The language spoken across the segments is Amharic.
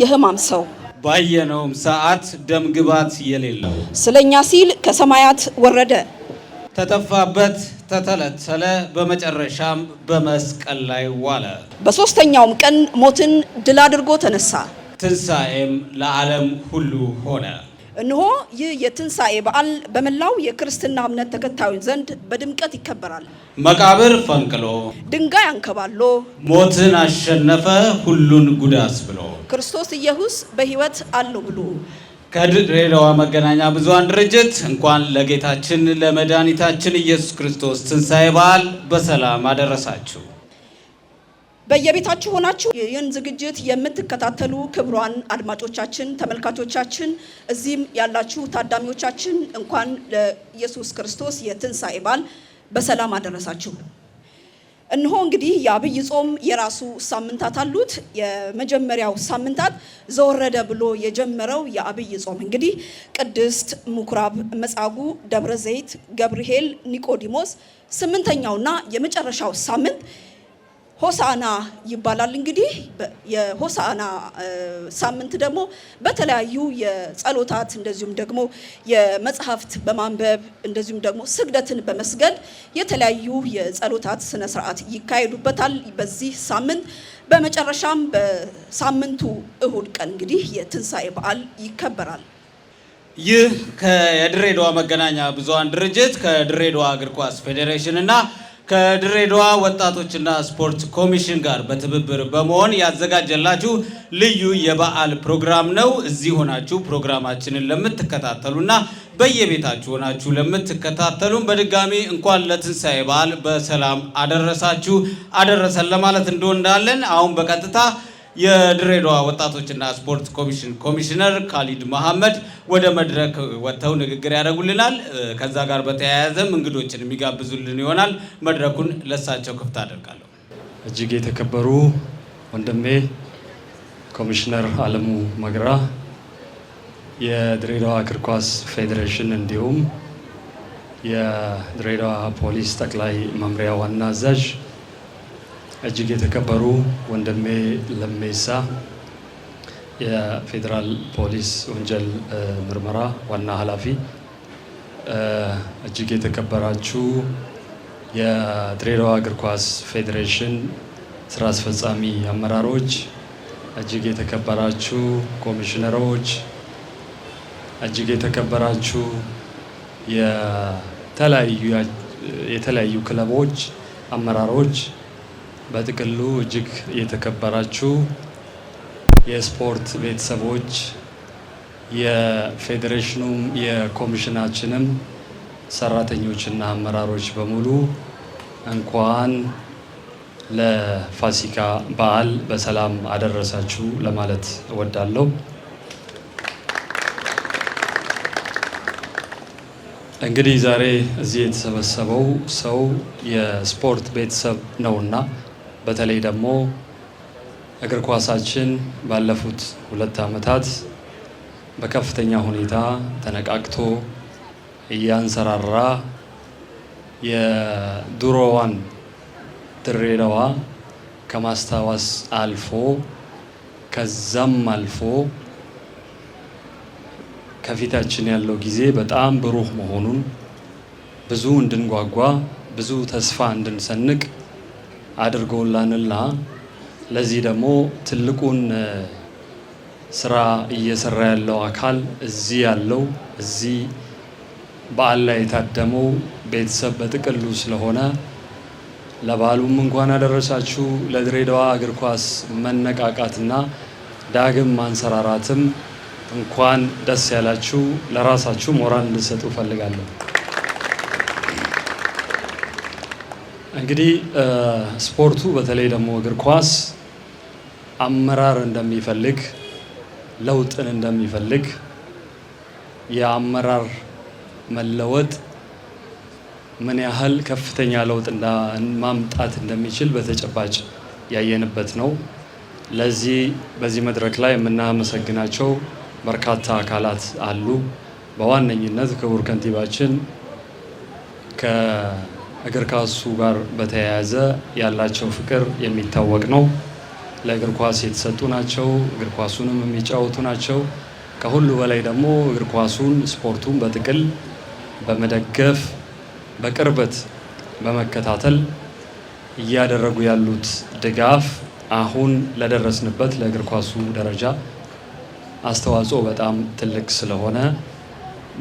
የህማም ሰው ባየነውም ሰዓት ደም ግባት የሌለው ስለኛ ሲል ከሰማያት ወረደ፣ ተተፋበት፣ ተተለተለ፣ በመጨረሻም በመስቀል ላይ ዋለ። በሦስተኛውም ቀን ሞትን ድል አድርጎ ተነሳ፣ ትንሣኤም ለዓለም ሁሉ ሆነ። እነሆ ይህ የትንሣኤ በዓል በመላው የክርስትና እምነት ተከታዮች ዘንድ በድምቀት ይከበራል። መቃብር ፈንቅሎ ድንጋይ አንከባሎ ሞትን አሸነፈ ሁሉን ጉዳስ ብሎ ክርስቶስ ኢየሱስ በሕይወት አለው ብሎ ከድሬዳዋ መገናኛ ብዙኃን ድርጅት እንኳን ለጌታችን ለመድኃኒታችን ኢየሱስ ክርስቶስ ትንሣኤ በዓል በሰላም አደረሳችሁ። በየቤታችሁ ሆናችሁ ይህን ዝግጅት የምትከታተሉ ክብሯን አድማጮቻችን፣ ተመልካቾቻችን፣ እዚህም ያላችሁ ታዳሚዎቻችን እንኳን ለኢየሱስ ክርስቶስ የትንሣኤ በዓል በሰላም አደረሳችሁ። እነሆ እንግዲህ የአብይ ጾም የራሱ ሳምንታት አሉት። የመጀመሪያው ሳምንታት ዘወረደ ብሎ የጀመረው የአብይ ጾም እንግዲህ ቅድስት፣ ምኩራብ፣ መጻጉዕ፣ ደብረ ዘይት፣ ገብርኤል፣ ኒቆዲሞስ ስምንተኛውና የመጨረሻው ሳምንት ሆሳና ይባላል። እንግዲህ የሆሳና ሳምንት ደግሞ በተለያዩ የጸሎታት እንደዚሁም ደግሞ የመጽሐፍት በማንበብ እንደዚሁም ደግሞ ስግደትን በመስገድ የተለያዩ የጸሎታት ስነ ስርዓት ይካሄዱበታል በዚህ ሳምንት። በመጨረሻም በሳምንቱ እሁድ ቀን እንግዲህ የትንሣኤ በዓል ይከበራል። ይህ ከድሬዳዋ መገናኛ ብዙሃን ድርጅት ከድሬዳዋ እግር ኳስ ፌዴሬሽን እና ከድሬዳዋ ወጣቶችና ስፖርት ኮሚሽን ጋር በትብብር በመሆን ያዘጋጀላችሁ ልዩ የበዓል ፕሮግራም ነው። እዚህ ሆናችሁ ፕሮግራማችንን ለምትከታተሉና በየቤታችሁ ሆናችሁ ለምትከታተሉም በድጋሚ እንኳን ለትንሣኤ በዓል በሰላም አደረሳችሁ አደረሰን ለማለት እንደወንዳለን። አሁን በቀጥታ የድሬዳዋ ወጣቶችና ስፖርት ኮሚሽን ኮሚሽነር ካሊድ መሐመድ ወደ መድረክ ወጥተው ንግግር ያደርጉልናል። ከዛ ጋር በተያያዘም እንግዶችን የሚጋብዙልን ይሆናል። መድረኩን ለሳቸው ክፍት አደርጋለሁ። እጅግ የተከበሩ ወንድሜ ኮሚሽነር አለሙ መግራ፣ የድሬዳዋ እግር ኳስ ፌዴሬሽን እንዲሁም የድሬዳዋ ፖሊስ ጠቅላይ መምሪያ ዋና አዛዥ እጅግ የተከበሩ ወንድሜ ለሜሳ የፌዴራል ፖሊስ ወንጀል ምርመራ ዋና ኃላፊ፣ እጅግ የተከበራችሁ የድሬዳዋ እግር ኳስ ፌዴሬሽን ስራ አስፈጻሚ አመራሮች፣ እጅግ የተከበራችሁ ኮሚሽነሮች፣ እጅግ የተከበራችሁ የተለያዩ ክለቦች አመራሮች በጥቅሉ እጅግ የተከበራችሁ የስፖርት ቤተሰቦች የፌዴሬሽኑም የኮሚሽናችንም ሰራተኞችና አመራሮች በሙሉ እንኳን ለፋሲካ በዓል በሰላም አደረሳችሁ ለማለት እወዳለሁ። እንግዲህ ዛሬ እዚህ የተሰበሰበው ሰው የስፖርት ቤተሰብ ነውና በተለይ ደግሞ እግር ኳሳችን ባለፉት ሁለት ዓመታት በከፍተኛ ሁኔታ ተነቃቅቶ እያንሰራራ የድሮዋን ድሬዳዋ ከማስታወስ አልፎ ከዛም አልፎ ከፊታችን ያለው ጊዜ በጣም ብሩህ መሆኑን ብዙ እንድንጓጓ ብዙ ተስፋ እንድንሰንቅ አድርጎላንላ ለዚህ ደግሞ ትልቁን ስራ እየሰራ ያለው አካል እዚህ ያለው እዚህ በዓል ላይ የታደመው ቤተሰብ በጥቅሉ ስለሆነ ለበዓሉም እንኳን አደረሳችሁ። ለድሬዳዋ እግር ኳስ መነቃቃትና ዳግም ማንሰራራትም እንኳን ደስ ያላችሁ። ለራሳችሁ ሞራል እንድሰጡ እፈልጋለሁ። እንግዲህ ስፖርቱ በተለይ ደግሞ እግር ኳስ አመራር እንደሚፈልግ ለውጥን እንደሚፈልግ የአመራር መለወጥ ምን ያህል ከፍተኛ ለውጥ ማምጣት እንደሚችል በተጨባጭ ያየንበት ነው። ለዚህ በዚህ መድረክ ላይ የምናመሰግናቸው በርካታ አካላት አሉ። በዋነኝነት ክቡር ከንቲባችን እግር ኳሱ ጋር በተያያዘ ያላቸው ፍቅር የሚታወቅ ነው። ለእግር ኳስ የተሰጡ ናቸው። እግር ኳሱንም የሚጫወቱ ናቸው። ከሁሉ በላይ ደግሞ እግር ኳሱን ስፖርቱን በጥቅል በመደገፍ በቅርበት በመከታተል እያደረጉ ያሉት ድጋፍ አሁን ለደረስንበት ለእግር ኳሱ ደረጃ አስተዋጽኦ በጣም ትልቅ ስለሆነ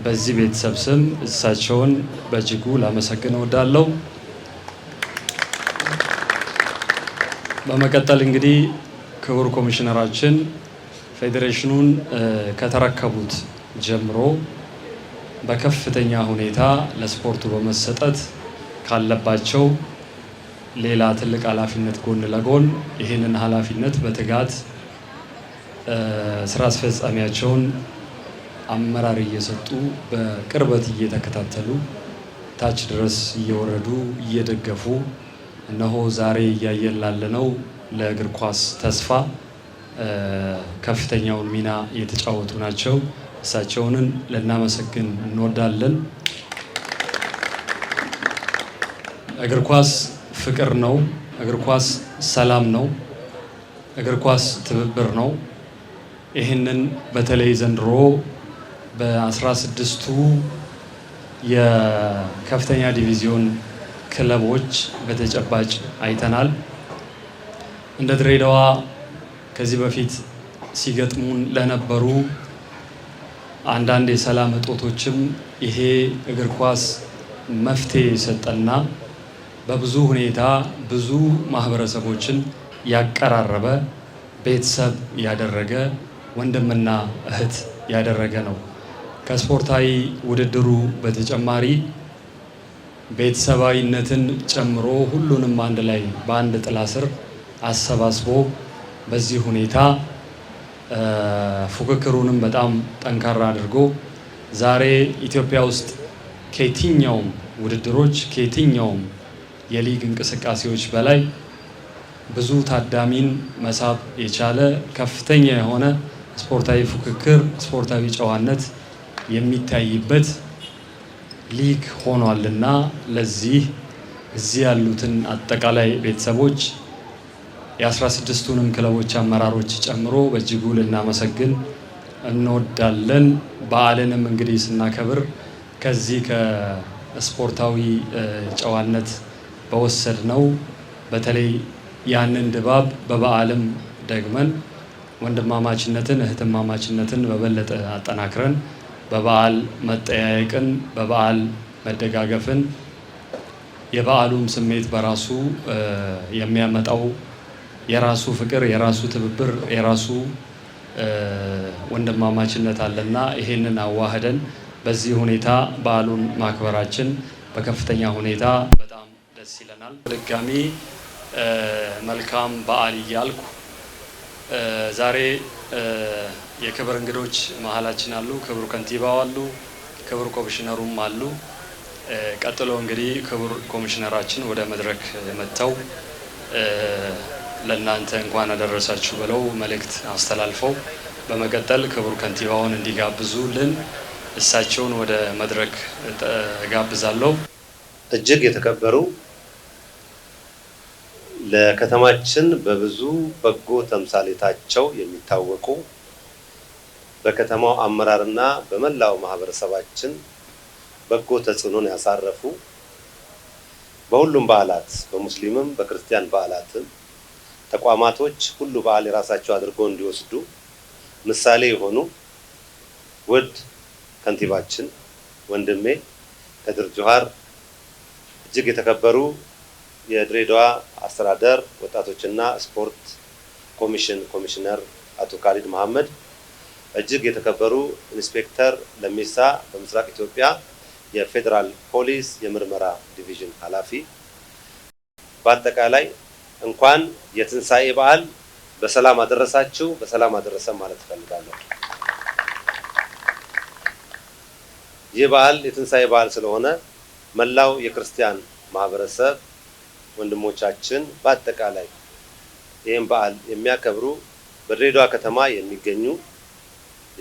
በዚህ ቤተሰብ ስም እሳቸውን በእጅጉ ላመሰግን እወዳለሁ። በመቀጠል እንግዲህ ክቡር ኮሚሽነራችን ፌዴሬሽኑን ከተረከቡት ጀምሮ በከፍተኛ ሁኔታ ለስፖርቱ በመሰጠት ካለባቸው ሌላ ትልቅ ኃላፊነት ጎን ለጎን ይህንን ኃላፊነት በትጋት ስራ አስፈጻሚያቸውን አመራር እየሰጡ በቅርበት እየተከታተሉ ታች ድረስ እየወረዱ እየደገፉ እነሆ ዛሬ እያየን ላለነው ለእግር ኳስ ተስፋ ከፍተኛውን ሚና የተጫወቱ ናቸው። እሳቸውንን ልናመሰግን እንወዳለን። እግር ኳስ ፍቅር ነው። እግር ኳስ ሰላም ነው። እግር ኳስ ትብብር ነው። ይህንን በተለይ ዘንድሮ በአስራ ስድስቱ የከፍተኛ ዲቪዚዮን ክለቦች በተጨባጭ አይተናል። እንደ ድሬዳዋ ከዚህ በፊት ሲገጥሙን ለነበሩ አንዳንድ የሰላም እጦቶችም ይሄ እግር ኳስ መፍትሄ የሰጠና በብዙ ሁኔታ ብዙ ማህበረሰቦችን ያቀራረበ ቤተሰብ ያደረገ ወንድምና እህት ያደረገ ነው። ከስፖርታዊ ውድድሩ በተጨማሪ ቤተሰባዊነትን ጨምሮ ሁሉንም አንድ ላይ በአንድ ጥላ ስር አሰባስቦ በዚህ ሁኔታ ፉክክሩንም በጣም ጠንካራ አድርጎ ዛሬ ኢትዮጵያ ውስጥ ከየትኛውም ውድድሮች ከየትኛውም የሊግ እንቅስቃሴዎች በላይ ብዙ ታዳሚን መሳብ የቻለ ከፍተኛ የሆነ ስፖርታዊ ፉክክር፣ ስፖርታዊ ጨዋነት የሚታይበት ሊግ ሆኗልና ለዚህ እዚህ ያሉትን አጠቃላይ ቤተሰቦች የ16ቱንም ክለቦች አመራሮች ጨምሮ በእጅጉ ልናመሰግን እንወዳለን። በዓልንም እንግዲህ ስናከብር ከዚህ ከስፖርታዊ ጨዋነት በወሰድ ነው። በተለይ ያንን ድባብ በበዓልም ደግመን ወንድማማችነትን እህትማማችነትን በበለጠ አጠናክረን በበዓል መጠያየቅን፣ በበዓል መደጋገፍን የበዓሉም ስሜት በራሱ የሚያመጣው የራሱ ፍቅር፣ የራሱ ትብብር፣ የራሱ ወንድማማችነት አለና ይሄንን አዋህደን በዚህ ሁኔታ በዓሉን ማክበራችን በከፍተኛ ሁኔታ በጣም ደስ ይለናል። ድጋሚ መልካም በዓል እያልኩ ዛሬ የክብር እንግዶች መሀላችን አሉ። ክቡር ከንቲባው አሉ፣ ክቡር ኮሚሽነሩም አሉ። ቀጥሎ እንግዲህ ክቡር ኮሚሽነራችን ወደ መድረክ መጥተው ለእናንተ እንኳን አደረሳችሁ ብለው መልእክት አስተላልፈው በመቀጠል ክቡር ከንቲባውን እንዲጋብዙልን እሳቸውን ወደ መድረክ ጋብዛለሁ። እጅግ የተከበሩ ለከተማችን በብዙ በጎ ተምሳሌታቸው የሚታወቁ በከተማው አመራርና በመላው ማህበረሰባችን በጎ ተጽዕኖን ያሳረፉ በሁሉም በዓላት በሙስሊምም በክርስቲያን በዓላትም ተቋማቶች ሁሉ በዓል የራሳቸው አድርጎ እንዲወስዱ ምሳሌ የሆኑ ውድ ከንቲባችን ወንድሜ ከድር ጁሃር፣ እጅግ የተከበሩ የድሬዳዋ አስተዳደር ወጣቶችና ስፖርት ኮሚሽን ኮሚሽነር አቶ ካሊድ መሐመድ እጅግ የተከበሩ ኢንስፔክተር ለሚሳ በምስራቅ ኢትዮጵያ የፌዴራል ፖሊስ የምርመራ ዲቪዥን ኃላፊ፣ በአጠቃላይ እንኳን የትንሣኤ በዓል በሰላም አደረሳችሁ፣ በሰላም አደረሰን ማለት እፈልጋለሁ። ይህ በዓል የትንሣኤ በዓል ስለሆነ መላው የክርስቲያን ማህበረሰብ ወንድሞቻችን በአጠቃላይ ይህም በዓል የሚያከብሩ በድሬዳዋ ከተማ የሚገኙ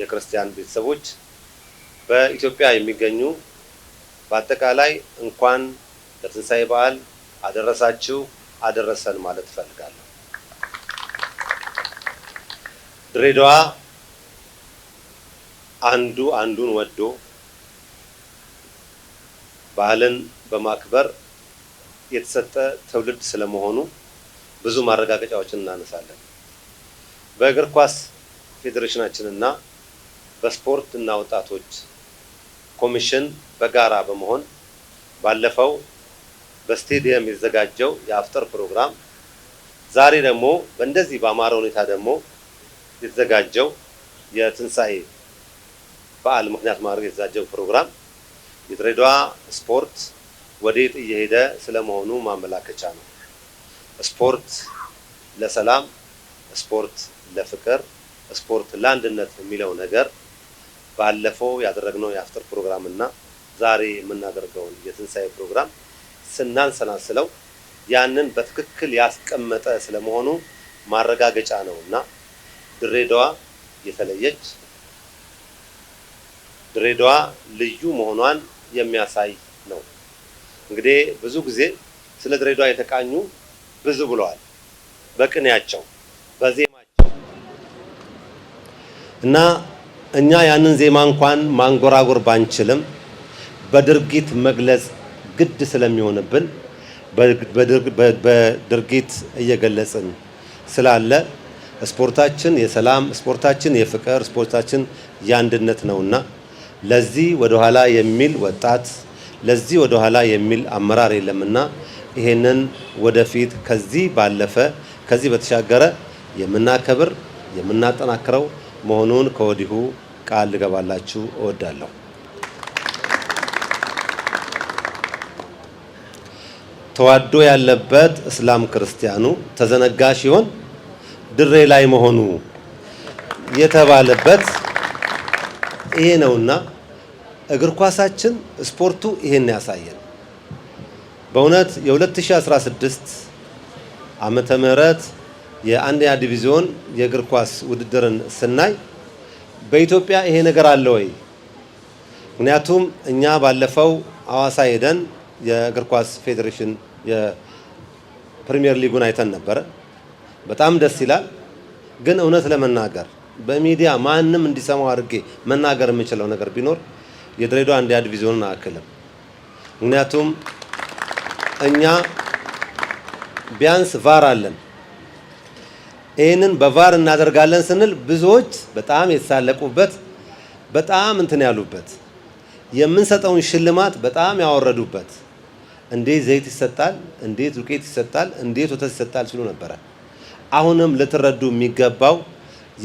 የክርስቲያን ቤተሰቦች በኢትዮጵያ የሚገኙ በአጠቃላይ እንኳን ለትንሣኤ በዓል አደረሳችሁ አደረሰን ማለት እፈልጋለሁ። ድሬዳዋ አንዱ አንዱን ወዶ ባህልን በማክበር የተሰጠ ትውልድ ስለመሆኑ ብዙ ማረጋገጫዎችን እናነሳለን። በእግር ኳስ ፌዴሬሽናችንና በስፖርት እና ወጣቶች ኮሚሽን በጋራ በመሆን ባለፈው በስቴዲየም የተዘጋጀው የአፍጠር ፕሮግራም ዛሬ ደግሞ በእንደዚህ በአማረ ሁኔታ ደግሞ የተዘጋጀው የትንሣኤ በዓል ምክንያት ማድረግ የተዘጋጀው ፕሮግራም የድሬዳዋ ስፖርት ወዴት እየሄደ ስለመሆኑ ማመላከቻ ነው። ስፖርት ለሰላም፣ ስፖርት ለፍቅር፣ ስፖርት ለአንድነት የሚለው ነገር ባለፈው ያደረግነው የአፍጥር ፕሮግራም እና ዛሬ የምናደርገውን የትንሣኤ ፕሮግራም ስናንሰናስለው ያንን በትክክል ያስቀመጠ ስለመሆኑ ማረጋገጫ ነው እና ድሬዳዋ የተለየች ድሬዳዋ ልዩ መሆኗን የሚያሳይ ነው። እንግዲህ ብዙ ጊዜ ስለ ድሬዳዋ የተቃኙ ብዙ ብለዋል። በቅኔያቸው፣ በዜማቸው እና እኛ ያንን ዜማ እንኳን ማንጎራጎር ባንችልም በድርጊት መግለጽ ግድ ስለሚሆንብን በድርጊት እየገለጽን ስላለ ስፖርታችን የሰላም ስፖርታችን የፍቅር ስፖርታችን የአንድነት ነውና ለዚህ ወደኋላ የሚል ወጣት ለዚህ ወደኋላ የሚል አመራር የለምና ይሄንን ወደፊት ከዚህ ባለፈ ከዚህ በተሻገረ የምናከብር የምናጠናክረው መሆኑን ከወዲሁ ቃል ልገባላችሁ እወዳለሁ። ተዋዶ ያለበት እስላም ክርስቲያኑ ተዘነጋ ሲሆን ድሬ ላይ መሆኑ የተባለበት ይሄ ነውና እግር ኳሳችን ስፖርቱ ይሄን ያሳየን። በእውነት የ2016 ዓመተ ምህረት የአንደኛ ዲቪዚዮን የእግር ኳስ ውድድርን ስናይ በኢትዮጵያ ይሄ ነገር አለ ወይ? ምክንያቱም እኛ ባለፈው አዋሳ ሄደን የእግር ኳስ ፌዴሬሽን የፕሪሚየር ሊጉን አይተን ነበረ። በጣም ደስ ይላል። ግን እውነት ለመናገር በሚዲያ ማንም እንዲሰማው አድርጌ መናገር የምችለው ነገር ቢኖር የድሬዳዋ አንደኛ ዲቪዚዮንን አያክልም። ምክንያቱም እኛ ቢያንስ ቫር አለን ይህንን በቫር እናደርጋለን ስንል ብዙዎች በጣም የተሳለቁበት በጣም እንትን ያሉበት የምንሰጠውን ሽልማት በጣም ያወረዱበት እንዴት ዘይት ይሰጣል፣ እንዴት ዱቄት ይሰጣል፣ እንዴት ወተት ይሰጣል ሲሉ ነበረ። አሁንም ልትረዱ የሚገባው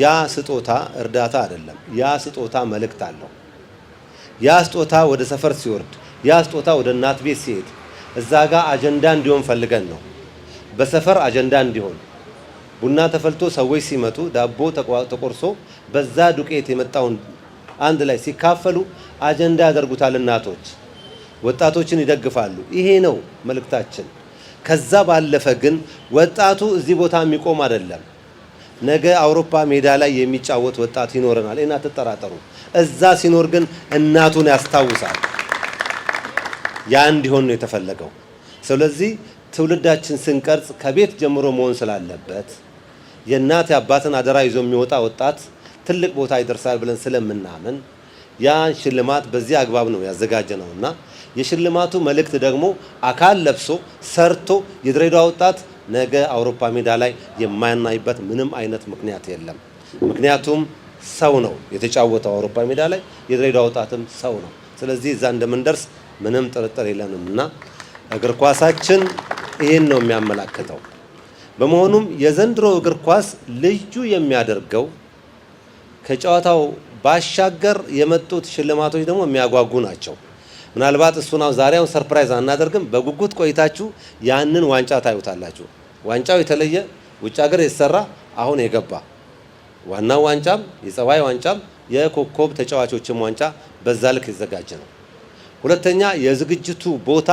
ያ ስጦታ እርዳታ አይደለም። ያ ስጦታ መልእክት አለው። ያ ስጦታ ወደ ሰፈር ሲወርድ፣ ያ ስጦታ ወደ እናት ቤት ሲሄድ እዛ ጋር አጀንዳ እንዲሆን ፈልገን ነው። በሰፈር አጀንዳ እንዲሆን ቡና ተፈልቶ ሰዎች ሲመጡ ዳቦ ተቆርሶ በዛ ዱቄት የመጣውን አንድ ላይ ሲካፈሉ አጀንዳ ያደርጉታል። እናቶች ወጣቶችን ይደግፋሉ። ይሄ ነው መልእክታችን። ከዛ ባለፈ ግን ወጣቱ እዚህ ቦታ የሚቆም አይደለም። ነገ አውሮፓ ሜዳ ላይ የሚጫወት ወጣት ይኖረናል፣ ይህን አትጠራጠሩ። እዛ ሲኖር ግን እናቱን ያስታውሳል። ያ እንዲሆን ነው የተፈለገው። ስለዚህ ትውልዳችን ስንቀርጽ ከቤት ጀምሮ መሆን ስላለበት የእናት አባትን አደራ ይዞ የሚወጣ ወጣት ትልቅ ቦታ ይደርሳል ብለን ስለምናምን ያን ሽልማት በዚህ አግባብ ነው ያዘጋጀ ነው እና የሽልማቱ መልእክት ደግሞ አካል ለብሶ ሰርቶ የድሬዳዋ ወጣት ነገ አውሮፓ ሜዳ ላይ የማናይበት ምንም አይነት ምክንያት የለም። ምክንያቱም ሰው ነው የተጫወተው አውሮፓ ሜዳ ላይ የድሬዳዋ ወጣትም ሰው ነው። ስለዚህ እዛ እንደምንደርስ ምንም ጥርጥር የለንም እና እግር ኳሳችን ይህን ነው የሚያመላክተው። በመሆኑም የዘንድሮ እግር ኳስ ልዩ የሚያደርገው ከጨዋታው ባሻገር የመጡት ሽልማቶች ደግሞ የሚያጓጉ ናቸው። ምናልባት እሱን አሁን ዛሬውን ሰርፕራይዝ አናደርግም። በጉጉት ቆይታችሁ ያንን ዋንጫ ታዩታላችሁ። ዋንጫው የተለየ ውጭ ሀገር የተሰራ አሁን የገባ ዋናው ዋንጫም የጸባይ ዋንጫም የኮከብ ተጫዋቾችም ዋንጫ በዛ ልክ የተዘጋጀ ነው። ሁለተኛ የዝግጅቱ ቦታ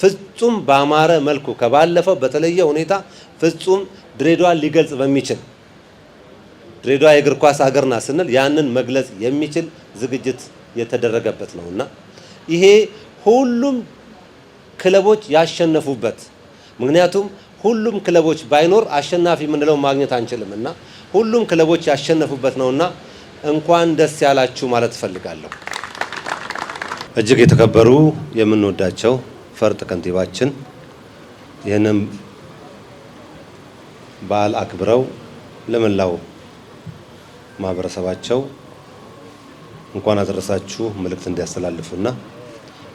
ፍጹም ባማረ መልኩ ከባለፈው በተለየ ሁኔታ ፍጹም ድሬዳዋን ሊገልጽ በሚችል ድሬዳዋ የእግር ኳስ ሀገር ናት ስንል ያንን መግለጽ የሚችል ዝግጅት የተደረገበት ነውና ይሄ ሁሉም ክለቦች ያሸነፉበት ምክንያቱም ሁሉም ክለቦች ባይኖር አሸናፊ የምንለው ማግኘት አንችልም እና ሁሉም ክለቦች ያሸነፉበት ነውና እንኳን ደስ ያላችሁ ማለት እፈልጋለሁ። እጅግ የተከበሩ የምንወዳቸው ፈርጥ ከንቲባችን ይህንን በዓል አክብረው ለመላው ማህበረሰባቸው እንኳን አደረሳችሁ መልእክት እንዲያስተላልፉና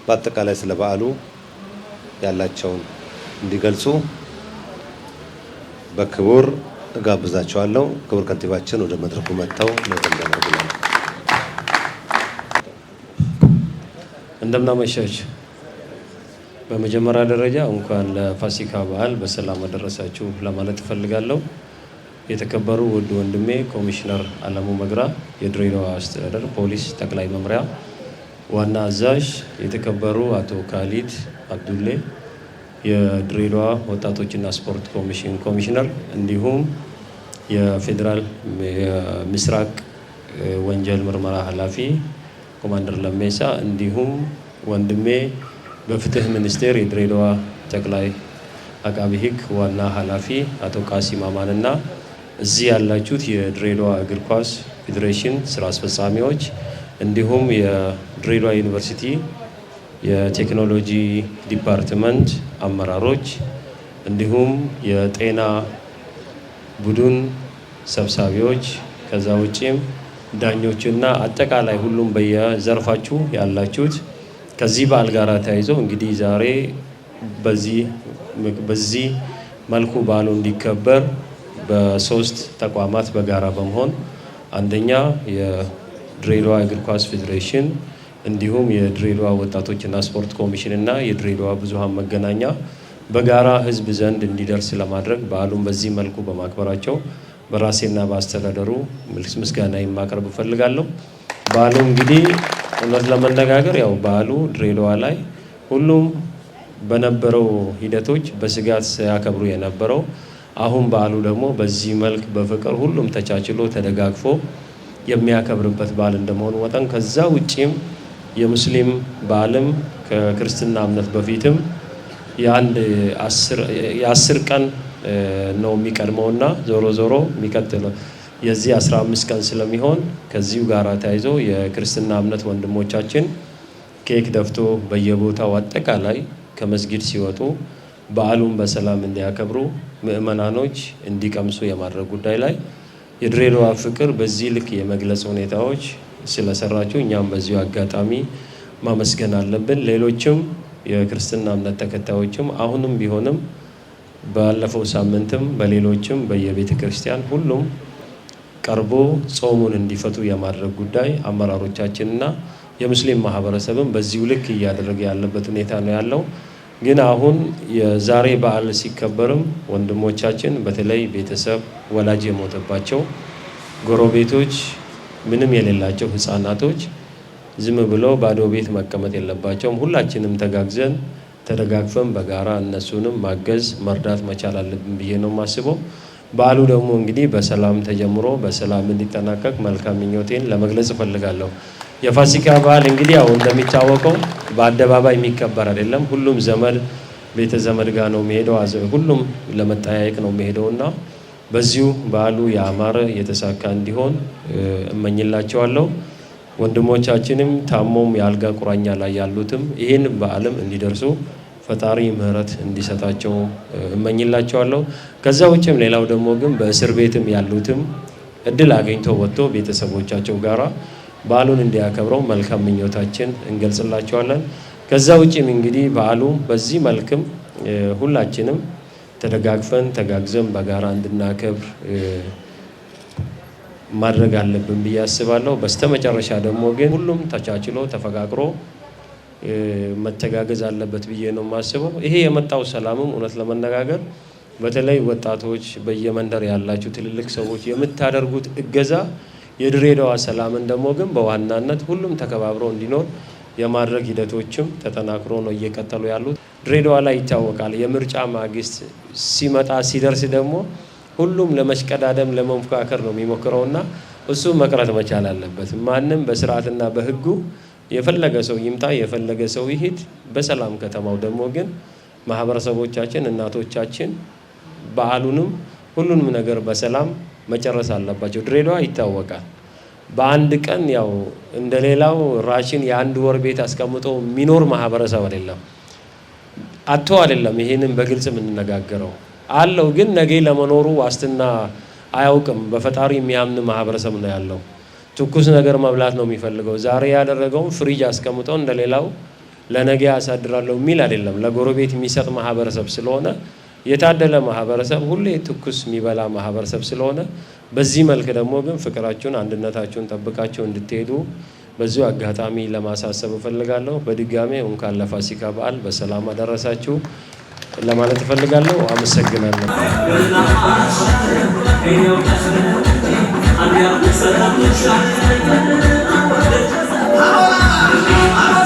በአጠቃላይ ስለ በዓሉ ያላቸውን እንዲገልጹ በክቡር እጋብዛቸዋለሁ። ክቡር ከንቲባችን ወደ መድረኩ መጥተው እንደምናመሻችሁ በመጀመሪያ ደረጃ እንኳን ለፋሲካ በዓል በሰላም አደረሳችሁ ለማለት እፈልጋለሁ። የተከበሩ ውድ ወንድሜ ኮሚሽነር አለሙ መግራ የድሬዳዋ አስተዳደር ፖሊስ ጠቅላይ መምሪያ ዋና አዛዥ፣ የተከበሩ አቶ ካሊድ አብዱሌ የድሬዳዋ ወጣቶችና ስፖርት ኮሚሽን ኮሚሽነር እንዲሁም የፌዴራል ምስራቅ ወንጀል ምርመራ ኃላፊ ኮማንደር ለሜሳ እንዲሁም ወንድሜ በፍትህ ሚኒስቴር የድሬዳዋ ጠቅላይ አቃቢ ሕግ ዋና ኃላፊ አቶ ቃሲም አማንና እዚህ ያላችሁት የድሬዳዋ እግር ኳስ ፌዴሬሽን ስራ አስፈጻሚዎች እንዲሁም የድሬዳዋ ዩኒቨርሲቲ የቴክኖሎጂ ዲፓርትመንት አመራሮች እንዲሁም የጤና ቡድን ሰብሳቢዎች ከዛ ውጪም ዳኞችና አጠቃላይ ሁሉም በየዘርፋችሁ ያላችሁት ከዚህ በዓል ጋር ተያይዞ እንግዲህ ዛሬ በዚህ መልኩ በዓሉ እንዲከበር በሶስት ተቋማት በጋራ በመሆን አንደኛ የድሬዳዋ እግር ኳስ ፌዴሬሽን እንዲሁም የድሬዳዋ ወጣቶችና ስፖርት ኮሚሽን እና የድሬዳዋ ብዙሃን መገናኛ በጋራ ህዝብ ዘንድ እንዲደርስ ለማድረግ በዓሉን በዚህ መልኩ በማክበራቸው በራሴና በአስተዳደሩ ምስጋና የማቀርብ እፈልጋለሁ። በዓሉ እንግዲህ እውነት ለመነጋገር ያው በዓሉ ድሬዳዋ ላይ ሁሉም በነበረው ሂደቶች በስጋት ሲያከብሩ የነበረው አሁን በዓሉ ደግሞ በዚህ መልክ በፍቅር ሁሉም ተቻችሎ ተደጋግፎ የሚያከብርበት በዓል እንደመሆኑ መጠን ከዛ ውጪም የሙስሊም በዓልም ከክርስትና እምነት በፊትም የአንድ የአስር ቀን ነው የሚቀድመውና ዞሮ ዞሮ የሚቀጥለው የዚህ 15 ቀን ስለሚሆን ከዚሁ ጋር ተያይዞ የክርስትና እምነት ወንድሞቻችን ኬክ ደፍቶ በየቦታው አጠቃላይ ከመስጊድ ሲወጡ በዓሉን በሰላም እንዲያከብሩ ምእመናኖች እንዲቀምሱ የማድረግ ጉዳይ ላይ የድሬዳዋ ፍቅር በዚህ ልክ የመግለጽ ሁኔታዎች ስለሰራችሁ እኛም በዚሁ አጋጣሚ ማመስገን አለብን። ሌሎችም የክርስትና እምነት ተከታዮችም አሁንም ቢሆንም ባለፈው ሳምንትም በሌሎችም በየቤተ ክርስቲያን ሁሉም ቀርቦ ጾሙን እንዲፈቱ የማድረግ ጉዳይ አመራሮቻችንና የሙስሊም ማህበረሰብም በዚሁ ልክ እያደረገ ያለበት ሁኔታ ነው ያለው። ግን አሁን የዛሬ በዓል ሲከበርም ወንድሞቻችን በተለይ ቤተሰብ ወላጅ የሞተባቸው ጎረቤቶች፣ ምንም የሌላቸው ህፃናቶች ዝም ብለው ባዶ ቤት መቀመጥ የለባቸውም። ሁላችንም ተጋግዘን ተደጋግፈን በጋራ እነሱንም ማገዝ መርዳት መቻል አለብን ብዬ ነው የማስበው። በዓሉ ደግሞ እንግዲህ በሰላም ተጀምሮ በሰላም እንዲጠናቀቅ መልካም ምኞቴን ለመግለጽ እፈልጋለሁ። የፋሲካ በዓል እንግዲህ አሁን እንደሚታወቀው በአደባባይ የሚከበር አይደለም። ሁሉም ዘመድ ቤተ ዘመድ ጋር ነው የሚሄደው፣ ሁሉም ለመጠያየቅ ነው የሚሄደው እና በዚሁ በዓሉ ያማረ የተሳካ እንዲሆን እመኝላቸዋለሁ። ወንድሞቻችንም ታሞም የአልጋ ቁራኛ ላይ ያሉትም ይህን በዓልም እንዲደርሱ ፈጣሪ ምሕረት እንዲሰጣቸው እመኝላቸዋለሁ። ከዛ ውጭም ሌላው ደግሞ ግን በእስር ቤትም ያሉትም እድል አገኝቶ ወጥቶ ቤተሰቦቻቸው ጋራ በዓሉን እንዲያከብረው መልካም ምኞታችን እንገልጽላቸዋለን። ከዛ ውጭም እንግዲህ በዓሉ በዚህ መልክም ሁላችንም ተደጋግፈን ተጋግዘን በጋራ እንድናከብር ማድረግ አለብን ብዬ አስባለሁ። በስተመጨረሻ ደግሞ ግን ሁሉም ተቻችሎ ተፈቃቅሮ መተጋገዝ አለበት ብዬ ነው የማስበው። ይሄ የመጣው ሰላምም እውነት ለመነጋገር በተለይ ወጣቶች፣ በየመንደር ያላችሁ ትልልቅ ሰዎች የምታደርጉት እገዛ የድሬዳዋ ሰላምን ደግሞ ግን በዋናነት ሁሉም ተከባብሮ እንዲኖር የማድረግ ሂደቶችም ተጠናክሮ ነው እየቀጠሉ ያሉት። ድሬዳዋ ላይ ይታወቃል። የምርጫ ማግስት ሲመጣ ሲደርስ ደግሞ ሁሉም ለመሽቀዳደም ለመፎካከር ነው የሚሞክረውና እሱ መቅረት መቻል አለበት። ማንም በስርዓትና በህጉ የፈለገ ሰው ይምጣ፣ የፈለገ ሰው ይሂድ። በሰላም ከተማው ደግሞ ግን ማህበረሰቦቻችን እናቶቻችን በዓሉንም ሁሉንም ነገር በሰላም መጨረስ አለባቸው። ድሬዳዋ ይታወቃል። በአንድ ቀን ያው እንደሌላው ራሽን የአንድ ወር ቤት አስቀምጦ የሚኖር ማህበረሰብ አይደለም። አቶ አይደለም ይሄንን በግልጽ የምንነጋገረው አለው። ግን ነገ ለመኖሩ ዋስትና አያውቅም። በፈጣሪ የሚያምን ማህበረሰብ ነው ያለው። ትኩስ ነገር መብላት ነው የሚፈልገው። ዛሬ ያደረገውን ፍሪጅ አስቀምጠው እንደሌላው ለነገ ያሳድራለሁ የሚል አይደለም። ለጎረቤት የሚሰጥ ማህበረሰብ ስለሆነ የታደለ ማህበረሰብ፣ ሁሌ ትኩስ የሚበላ ማህበረሰብ ስለሆነ በዚህ መልክ ደግሞ ግን ፍቅራችሁን፣ አንድነታችሁን ጠብቃችሁ እንድትሄዱ በዚሁ አጋጣሚ ለማሳሰብ እፈልጋለሁ። በድጋሜ እንኳን ለፋሲካ በዓል በሰላም አደረሳችሁ ለማለት እፈልጋለሁ። አመሰግናለሁ። I'm gonna set up the trap.